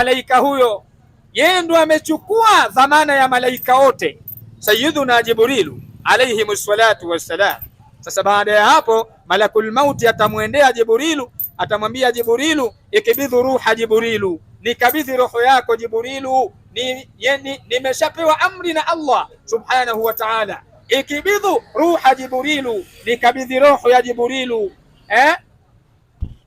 malaika huyo, yeye ndo amechukua dhamana ya malaika wote Sayyiduna Jibrilu alayhi salatu wassalam. Sasa baada ya hapo malakul mauti atamwendea Jibrilu, atamwambia Jibrilu, ikibidhu ruha Jibrilu, nikabidhi roho yako Jibrilu, ni yani nimeshapewa amri na Allah subhanahu wa ta'ala, ikibidhu ruha Jibrilu, nikabidhi roho ya Jibrilu eh?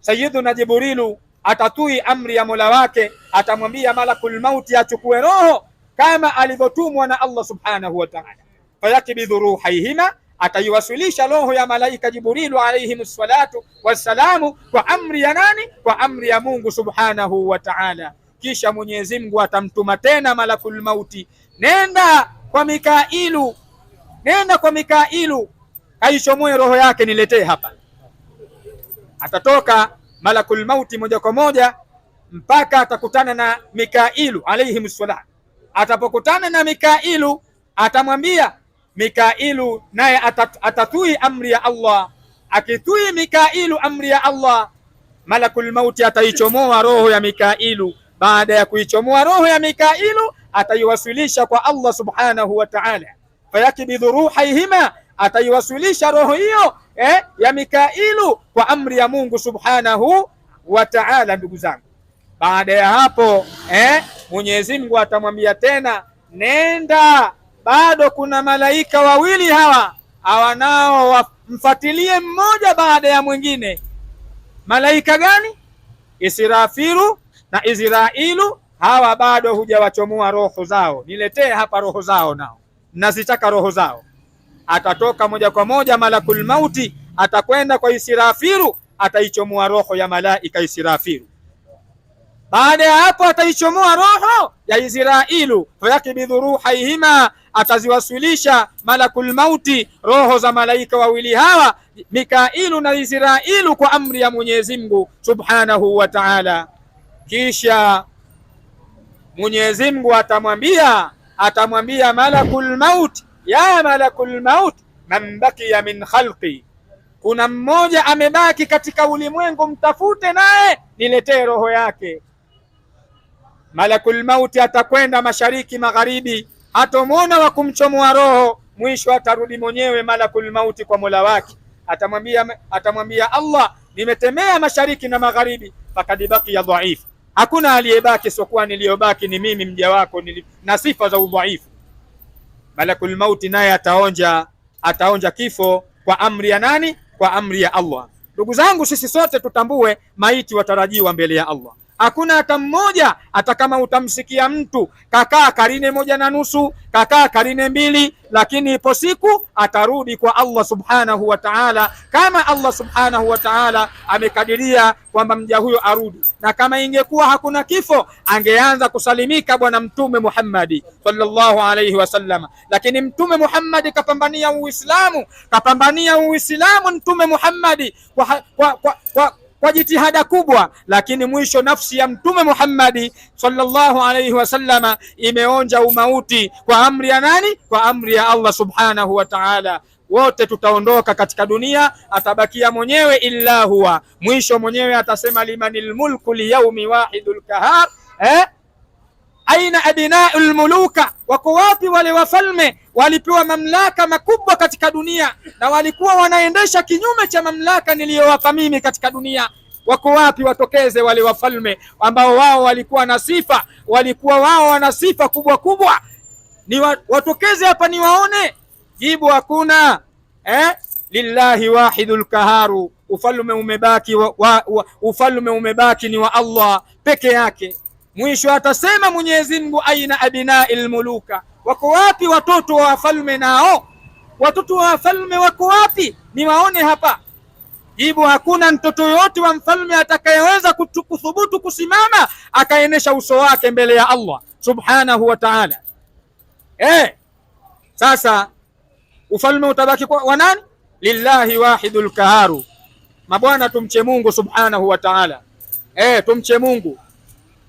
Sayyiduna Jibrilu atatui amri ya Mola wake, atamwambia malakul mauti achukue roho kama alivyotumwa na Allah subhanahu wa ta'ala. Fayakbidhu ruhaihima, ataiwasilisha roho ya malaika Jibrilu alayhi salatu wassalamu, kwa amri ya nani? Kwa amri ya Mungu subhanahu wa ta'ala. Kisha Mwenyezi Mungu atamtuma tena malakul mauti, nenda kwa Mikailu, nenda kwa Mikailu kaichomoe roho yake niletee hapa. Atatoka malakul mauti moja kwa moja mpaka atakutana na Mikailu alayhi salam. Atapokutana na Mikailu atamwambia Mikailu, naye atatui amri ya Allah. Akitui Mikailu amri ya Allah, malakul mauti ataichomoa roho ya Mikailu. Baada ya kuichomoa roho ya Mikailu, ataiwasilisha kwa Allah subhanahu wa ta'ala, fayakbidhu ruhaihima ataiwasilisha roho hiyo eh, ya Mikailu kwa amri ya Mungu subhanahu wa ta'ala. Ndugu zangu, baada ya hapo eh, Mwenyezi Mungu atamwambia tena, nenda, bado kuna malaika wawili hawa awanao wamfuatilie mmoja baada ya mwingine. Malaika gani? Israfilu na Israilu hawa bado hujawachomoa roho zao. Niletee hapa roho zao, nao nazitaka roho zao atatoka moja kwa moja malakul mauti, atakwenda kwa Israfilu, ataichomoa roho ya malaika Israfilu. Baada ya hapo, ataichomoa roho ya Israilu, fayakbidhu ruhaihima, ataziwasilisha malakul mauti roho za malaika wawili hawa Mikailu na Israilu kwa amri ya Mwenyezi Mungu subhanahu wa taala. Kisha Mwenyezi Mungu atamwambia atamwambia malakul mauti ya malakul maut man bakiya min khalqi, kuna mmoja amebaki katika ulimwengu, mtafute naye niletee roho yake. Malakul mauti atakwenda mashariki magharibi, atomwona wa kumchomoa roho, mwisho atarudi mwenyewe malakul mauti kwa mola wake, atamwambia atamwambia Allah, nimetemea mashariki na magharibi, fakad bakiya dhaif, hakuna aliyebaki, sokuwa niliyobaki ni mimi mja wako na sifa za udhaifu malakul mauti naye ataonja, ataonja kifo kwa amri ya nani? Kwa amri ya Allah. Ndugu zangu, sisi sote tutambue maiti watarajiwa mbele ya Allah. Hakuna hata mmoja hata kama utamsikia mtu kakaa karine moja na nusu kakaa karine mbili, lakini ipo siku atarudi kwa Allah subhanahu wa ta'ala, kama Allah subhanahu wa ta'ala amekadiria kwamba mja huyo arudi. Na kama ingekuwa hakuna kifo, angeanza kusalimika Bwana Mtume Muhammadi sallallahu alayhi wasallam, lakini Mtume Muhammadi kapambania Uislamu, kapambania Uislamu Mtume Muhammadi kwa, kwa, kwa, kwa kwa jitihada kubwa, lakini mwisho nafsi ya Mtume Muhammadi sallallahu alaihi wasallama imeonja umauti kwa amri ya nani? Kwa amri ya Allah subhanahu wa ta'ala. Wote tutaondoka katika dunia, atabakia mwenyewe illa huwa. Mwisho mwenyewe atasema limanil mulku liyaumi wahidul kahar eh? aina abinau lmuluka wako wapi wale wafalme walipewa mamlaka makubwa katika dunia na walikuwa wanaendesha kinyume cha mamlaka niliyowapa mimi katika dunia? Wako wapi? Watokeze wale wafalme ambao wao walikuwa na sifa, walikuwa wao wana sifa kubwa kubwa, ni watokeze hapa niwaone. Jibu hakuna eh? Lillahi wahidul kaharu, ufalme umebaki wa, wa, wa, ufalme umebaki ni wa Allah peke yake. Mwisho atasema Mwenyezi Mungu, aina abinail lmuluka wako wapi watoto wa wafalme? Nao watoto wa wafalme wako wapi? Niwaone hapa. Jibu, hakuna mtoto yoyote wa mfalme atakayeweza kuthubutu kusimama akaenesha uso wake mbele ya Allah subhanahu wa ta'ala. Eh, sasa ufalme utabaki kwa nani? Lillahi wahidul kaharu. Mabwana, tumche Mungu subhanahu wa ta'ala. Eh, tumche Mungu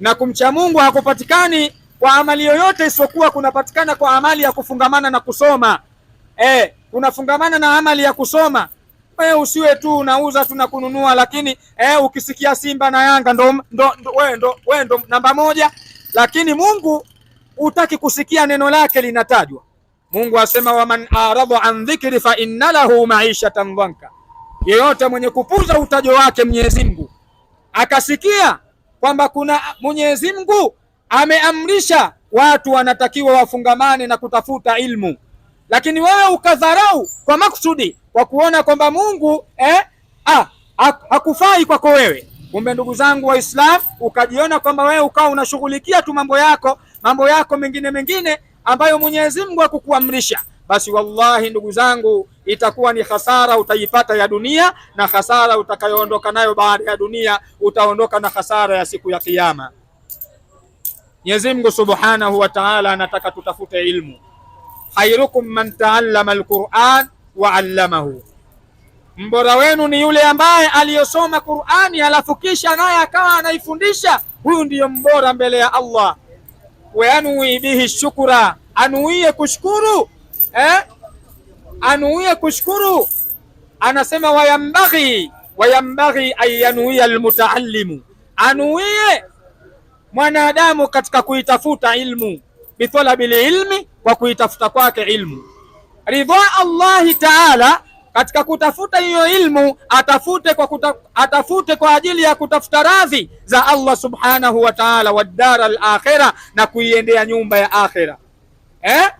na kumcha Mungu hakupatikani kwa amali yoyote isiyokuwa kunapatikana kwa amali ya kufungamana na kusoma. Eh, unafungamana na amali ya kusoma. Wewe usiwe tu unauza tu na kununua, lakini eh, ukisikia Simba na Yanga ndo ndo wewe ndo wewe ndo namba moja, lakini Mungu hutaki kusikia neno lake linatajwa. Mungu asema, waman aradha an dhikri fa inna lahu maishatan dhanka, yeyote mwenye kupuza utajo wake Mwenyezi Mungu akasikia kwamba kuna Mwenyezi Mungu ameamrisha watu wanatakiwa wafungamane na kutafuta ilmu, lakini wewe ukadharau kwa makusudi, kwa kuona kwamba Mungu eh, ah, hakufai kwako wewe. Kumbe ndugu zangu Waislamu, ukajiona kwamba wewe ukawa unashughulikia tu mambo yako mambo yako mengine mengine ambayo Mwenyezi Mungu hakukuamrisha basi wallahi, ndugu zangu, itakuwa ni hasara utaipata ya dunia, na hasara utakayoondoka nayo baada ya dunia utaondoka na hasara ya siku ya Kiyama. Mwenyezi Mungu Subhanahu wa Ta'ala anataka tutafute ilmu, khairukum man taallama al-Qur'an wa allamahu, mbora wenu ni yule ambaye aliyosoma Qur'ani alafu kisha naye akawa anaifundisha. Huyu ndiyo mbora mbele ya Allah. Wa anwi bihi shukura, anuie kushukuru eh? Anuia kushukuru, anasema wayambaghi wayambaghi an yanuia almutaallimu, anuie mwanadamu katika kuitafuta ilmu, bitalabil ilmi, kwa kuitafuta kwake ilmu, ridha Allahi taala katika kutafuta hiyo ilmu atafute kwa, kuta, atafute kwa ajili ya kutafuta radhi za Allah subhanahu wa ta'ala, wa al akhira, na kuiendea nyumba ya akhira eh?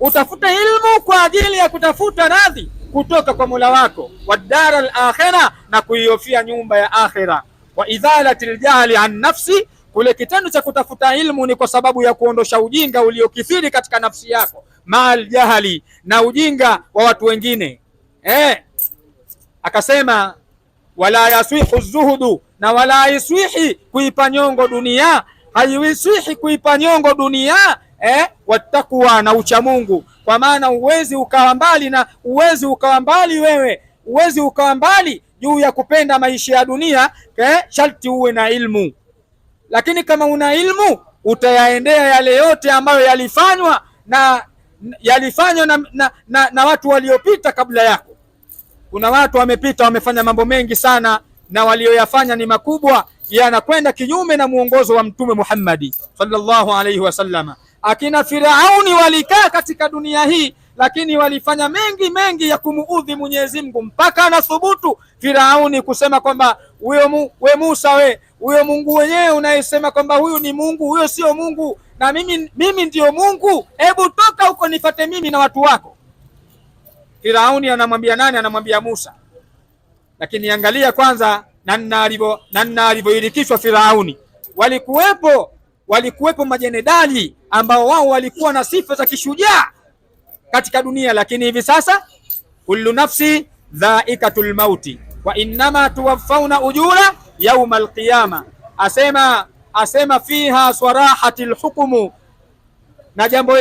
utafute ilmu kwa ajili ya kutafuta radhi kutoka kwa mula wako wa dara al-akhira, na kuiofia nyumba ya akhira. Wa idhalati ljahli an nafsi, kule kitendo cha kutafuta ilmu ni kwa sababu ya kuondosha ujinga uliokithiri katika nafsi yako, maal jahali, na ujinga wa watu wengine eh. Akasema wala yaswihu zuhudu, na wala iswihi kuipa nyongo dunia, haiwiswihi kuipa nyongo dunia eh, watakwa na ucha Mungu, kwa maana uwezi ukawa mbali na uwezi ukawa mbali wewe, uwezi ukawa mbali juu ya kupenda maisha ya dunia eh, sharti uwe na ilmu. Lakini kama una ilmu utayaendea yale yote ambayo yalifanywa na yalifanywa na, na, na, na watu waliopita kabla yako. Kuna watu wamepita wamefanya mambo mengi sana na walioyafanya ni makubwa, yanakwenda kinyume na muongozo wa Mtume Muhammadi sallallahu alaihi wasallama. Akina Firauni walikaa katika dunia hii, lakini walifanya mengi mengi ya kumuudhi Mwenyezi Mungu, mpaka anathubutu Firauni kusema kwamba huyo we Musa, we huyo Mungu wenyewe unayesema kwamba huyu ni Mungu, huyo sio Mungu na mimi, mimi ndiyo Mungu, hebu toka huko nifate mimi na watu wako. Firauni anamwambia nani? Anamwambia Musa. Lakini angalia kwanza namna alivyoirikishwa Firauni. Walikuwepo walikuwepo majenedali ambao wao walikuwa na sifa za kishujaa katika dunia, lakini hivi sasa kullu nafsi dhaikatul mauti wa innama tuwaffauna ujura yauma alqiyama, asema asema fiha sarahati lhukumu na jambo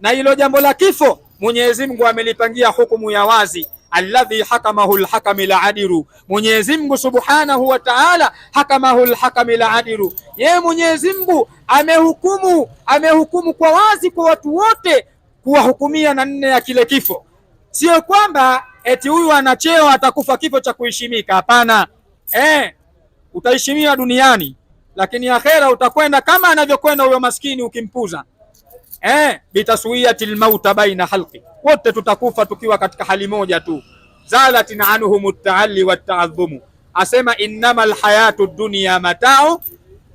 na hilo jambo la kifo Mwenyezi Mungu amelipangia hukumu ya wazi alladhi hakamahu lhakami la adiru Mwenyezi Mungu subhanahu wa taala hakamahu lhakami la adiru yeye Mwenyezi Mungu amehukumu, amehukumu kwa wazi kwa watu wote kuwahukumia na nne ya kile kifo. Sio kwamba eti huyu ana cheo atakufa kifo cha kuheshimika, hapana. Eh, utaheshimiwa duniani, lakini akhera utakwenda kama anavyokwenda huyo maskini ukimpuza eh, bitaswiyatil lmauta baina halqi, wote tutakufa tukiwa katika hali moja tu. Zalat anhum taali wataadhumu, asema innama lhayatu dunya matao,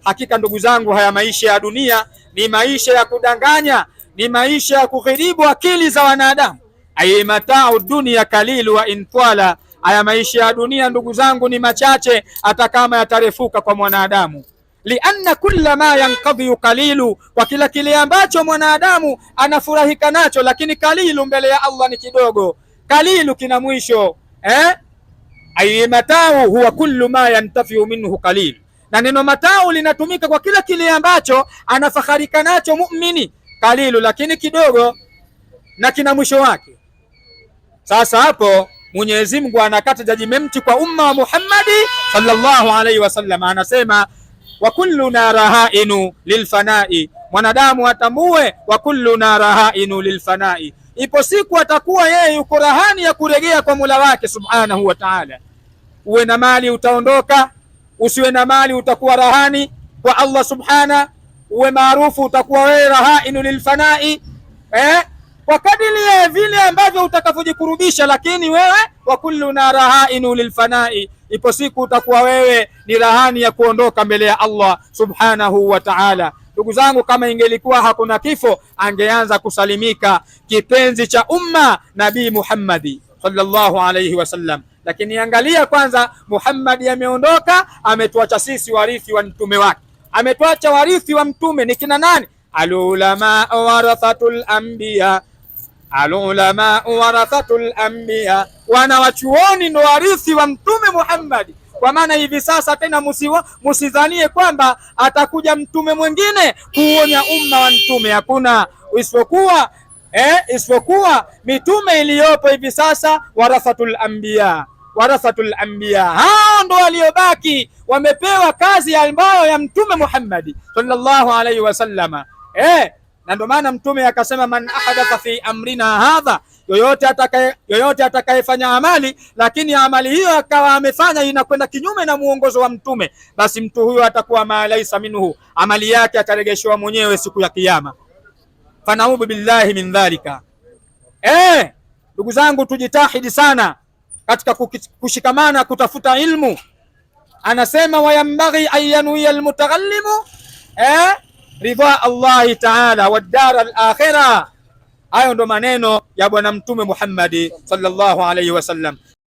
hakika ndugu zangu, haya maisha ya dunia ni maisha ya kudanganya, ni maisha ya kughiribu akili za wanadamu. Ay matau dunya kalilu wa intwala, haya maisha ya dunia ndugu zangu ni machache, hata kama yatarefuka kwa mwanadamu lianna kulla ma yankadhiyu kalilu, kwa kila kile ambacho mwanadamu anafurahika nacho, lakini kalilu mbele ya Allah ni kidogo. Kalilu kina mwisho eh? Ayi matau huwa kullu ma yantafiu minhu qalil, na neno matau linatumika kwa kila kile ambacho anafaharika nacho muumini, kalilu, lakini kidogo na kina mwisho wake. Sasa hapo Mwenyezi Mungu anakata jajimenti kwa umma wa Muhammadi sallallahu alaihi wasallam, anasema wa kulluna rahainu lilfanai, mwanadamu atambue, wa kulluna rahainu lilfanai, ipo siku atakuwa yeye yuko rahani ya kuregea kwa mula wake subhanahu wa taala. Uwe na mali utaondoka, usiwe na mali utakuwa rahani kwa Allah subhana. Uwe maarufu utakuwa wewe rahainu lilfanai eh? kwa kadiri ya vile ambavyo utakavyojikurubisha, lakini wewe wa kulluna rahainu lilfanai ipo siku utakuwa wewe ni rahani ya kuondoka mbele ya Allah subhanahu wa ta'ala. Ndugu zangu, kama ingelikuwa hakuna kifo, angeanza kusalimika kipenzi cha umma Nabii Muhammadi sallallahu alayhi wasallam. Lakini angalia kwanza, Muhammadi ameondoka, ametuacha sisi warithi wa mtume wake, ametuacha warithi wa mtume ni kina nani? Alulama warathatul anbiya, alulama warathatul anbiya wanawachuoni ndo warithi wa Mtume Muhammad. Kwa maana hivi sasa tena musiwa, musidhanie kwamba atakuja mtume mwingine kuuonya umma wa mtume, hakuna isipokuwa eh, isipokuwa mitume iliyopo hivi sasa warathatul anbiya warathatul anbiya, hao ndo waliobaki wamepewa kazi ambayo ya, ya mtume Muhammadi sallallahu alaihi wasallama eh na ndio maana Mtume akasema man ahadatha fi amrina hadha, yoyote atakaye yoyote atakayefanya amali lakini amali hiyo akawa amefanya inakwenda kinyume na muongozo wa Mtume, basi mtu huyo atakuwa malaisa minhu, amali yake ataregeshewa mwenyewe siku ya Kiyama. Fanaubu billahi min dhalika. Eh, ndugu zangu, tujitahidi sana katika kushikamana kutafuta ilmu. Anasema wayambaghi an yanwiya almutaghallimu eh ridha Allahi taala wa dara al-akhirah. Hayo ndo maneno ya Bwana Mtume Muhammad sallallahu alaihi wasallam.